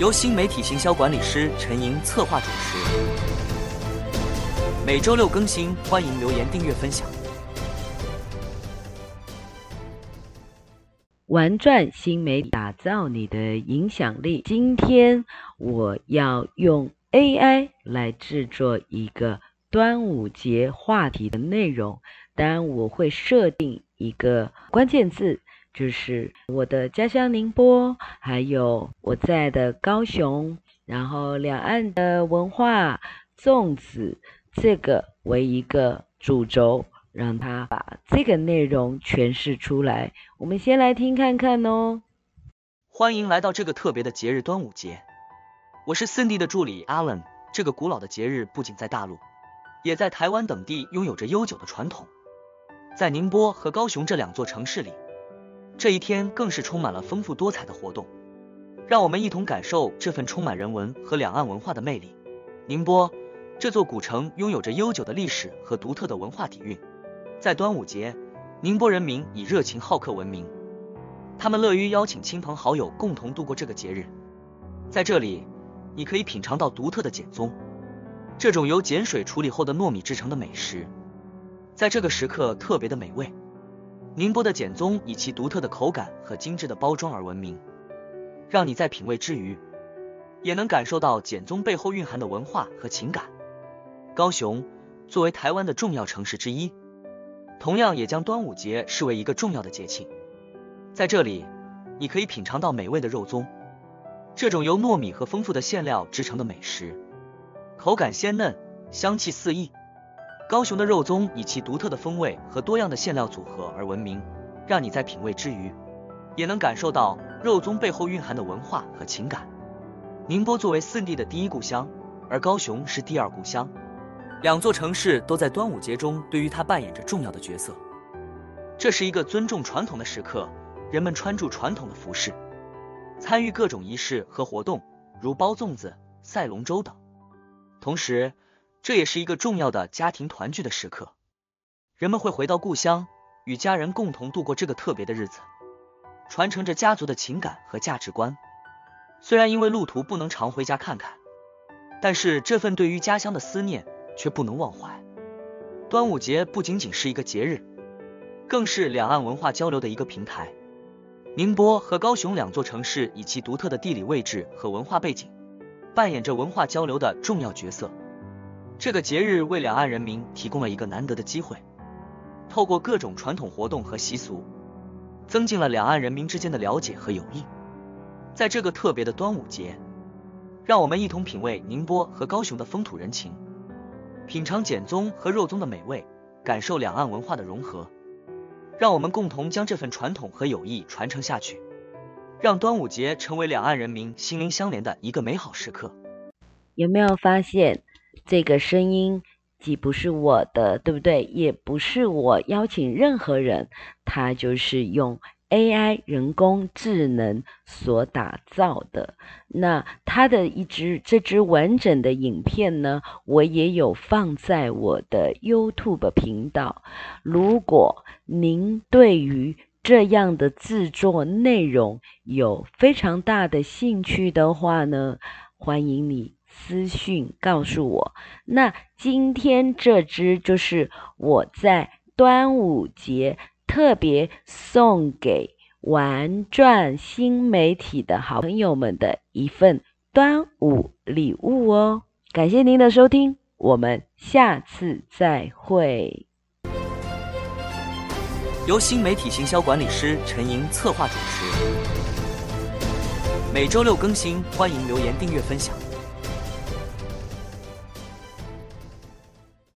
由新媒體行銷管理師陳瑩策劃主持，每周六更新，歡迎留言、訂閱、分享。玩轉新媒體，打造你的影響力。今天我要用 AI 來製作一個端午節話題的內容，當然我會設定一個關鍵字。就是我的家鄉寧波，還有我在的高雄，然後兩岸的文化粽子，這個為一個主軸，讓它把這個內容詮釋出來。我們先來聽看看哦。歡迎來到這個特別的節日端午節。我是 Cindy 的助理 Alan。這個古老的節日不僅在大陸，也在台灣等地擁有着悠久的傳統。在寧波和高雄這兩座城市裡，這一天更是充滿了豐富多彩的活動，讓我們一同感受這份充滿人文和兩岸文化的魅力。寧波這座古城擁有着悠久的歷史和獨特的文化底蘊。在端午節，寧波人民以熱情好客聞名，他們樂於邀請親朋好友共同度過這個節日。在這裡，你可以品嘗到獨特的鹼粽，這種由鹼水處理後的糯米制成的美食，在這個時刻特別的美味。寧波的鹼粽以其獨特的口感和精緻的包裝而聞名，讓你在品味之餘，也能感受到鹼粽背後蘊含的文化和情感。高雄作為台灣的重要城市之一，同樣也將端午節視為一個重要的節慶，在這裡你可以品嘗到美味的肉粽，這種由糯米和豐富的餡料制成的美食，口感鮮嫩，香氣四溢。高雄的肉粽以其獨特的風味和多樣的餡料組合而聞名，讓你在品味之餘，也能感受到肉粽背後蘊含的文化和情感。寧波作為四地的第一故鄉，而高雄是第二故鄉，兩座城市都在端午節中對於它扮演着重要的角色。這是一個尊重傳統的時刻，人們穿着傳統的服飾，參與各種儀式和活動，如包粽子、賽龍舟等。同時，這也是一個重要的家庭團聚的時刻，人們會回到故鄉，與家人共同度過這個特別的日子，傳承着家族的情感和價值觀。雖然因為路途不能常回家看看，但是這份對於家鄉的思念卻不能忘懷。端午節不僅僅是一個節日，更是兩岸文化交流的一個平台。寧波和高雄兩座城市以其獨特的地理位置和文化背景，扮演着文化交流的重要角色。這個節日為兩岸人民提供了一個難得的機會，透過各種傳統活動和習俗，增進了兩岸人民之間的了解和友誼。在這個特別的端午節，讓我們一同品味寧波和高雄的風土人情，品嘗鹼粽和肉粽的美味，感受兩岸文化的融合。讓我們共同將這份傳統和友誼傳承下去，讓端午節成為兩岸人民心靈相連的一個美好時刻。有沒有發現？這個聲音既不是我的，對不對？也不是我邀請任何人，他就是用 AI 人工智能所打造的。那他的一支，這支完整的影片呢，我也有放在我的 YouTube 頻道。如果您對於這樣的制作內容有非常大的興趣的話呢，歡迎你。私訊告訴我，那今天這支就是我在端午節特別送給玩轉新媒體的好朋友們的一份端午禮物哦。感謝您的收聽，我們下次再會。由新媒體行銷管理師陳瑩策劃主持，每周六更新，歡迎留言、訂閱、分享。